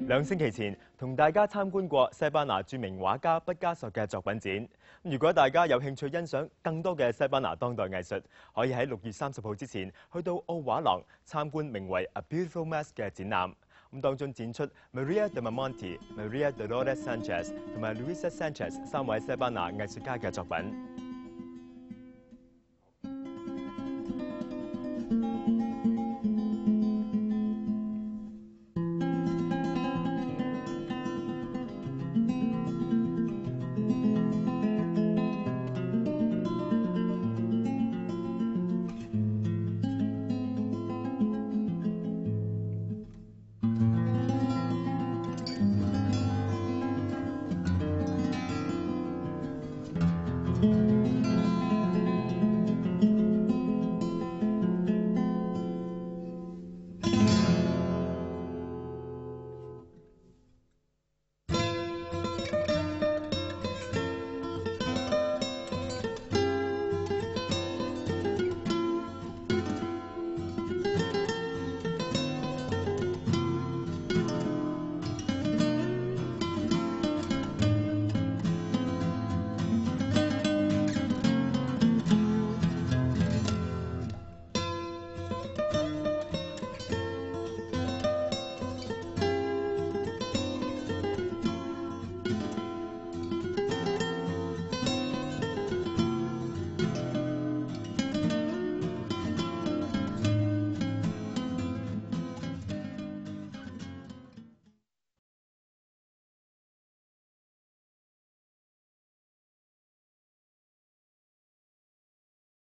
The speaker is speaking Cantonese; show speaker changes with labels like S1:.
S1: 兩星期前同大家參觀過西班牙著名畫家畢加索嘅作品展。如果大家有興趣欣賞更多嘅西班牙當代藝術，可以喺六月三十號之前去到奧畫廊參觀名為《A Beautiful Mess》嘅展覽。咁當中展出 Maria de Monti、Maria Dolores Sanchez 同埋 Luisa Sanchez 三位西班牙藝術家嘅作品。